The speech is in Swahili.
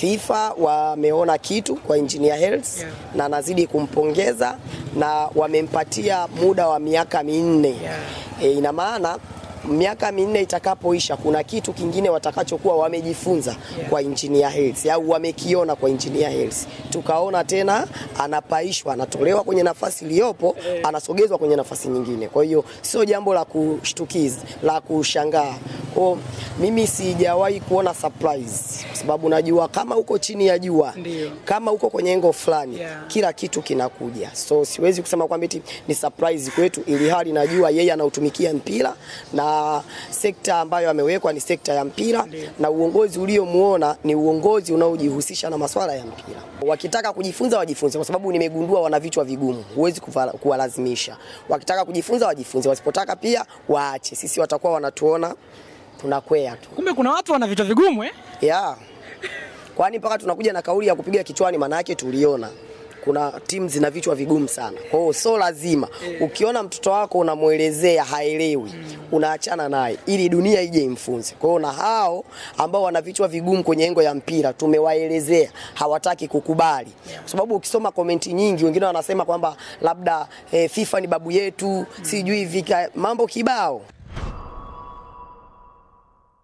FIFA wameona kitu kwa engineer Hersi yeah. na anazidi kumpongeza na wamempatia muda wa miaka minne yeah. E, ina maana miaka minne itakapoisha, kuna kitu kingine watakachokuwa wamejifunza yeah. kwa engineer Hersi au wamekiona kwa engineer Hersi, tukaona tena anapaishwa, anatolewa kwenye nafasi iliyopo yeah. anasogezwa kwenye nafasi nyingine. Kwa hiyo sio jambo la kushtukiza la kushangaa kwa mimi sijawahi kuona surprise, kwa sababu najua kama uko chini ya jua, kama uko kwenye engo fulani yeah. Kila kitu kinakuja, so siwezi kusema kwamba eti ni surprise kwetu, ili hali najua yeye anautumikia mpira na sekta ambayo amewekwa ni sekta ya mpira Ndiyo. na uongozi uliomuona ni uongozi unaojihusisha na masuala ya mpira. Wakitaka kujifunza wajifunze, kwa sababu nimegundua wana vichwa vigumu, huwezi kuwalazimisha. Wakitaka kujifunza wajifunze, wasipotaka pia waache. Sisi watakuwa wanatuona tunakwea tu. Kumbe kuna watu wana vichwa vigumu eh? Yeah. Kwani mpaka tunakuja na kauli ya kupiga kichwani, maana yake tuliona kuna timu zina vichwa vigumu sana. Kwa hiyo so lazima ukiona mtoto wako unamwelezea haelewi, unaachana naye ili dunia ije imfunze. Kwa hiyo na hao ambao wana vichwa vigumu kwenye engo ya mpira tumewaelezea, hawataki kukubali, kwa sababu ukisoma komenti nyingi, wengine wanasema kwamba labda eh, FIFA ni babu yetu, sijui vika mambo kibao.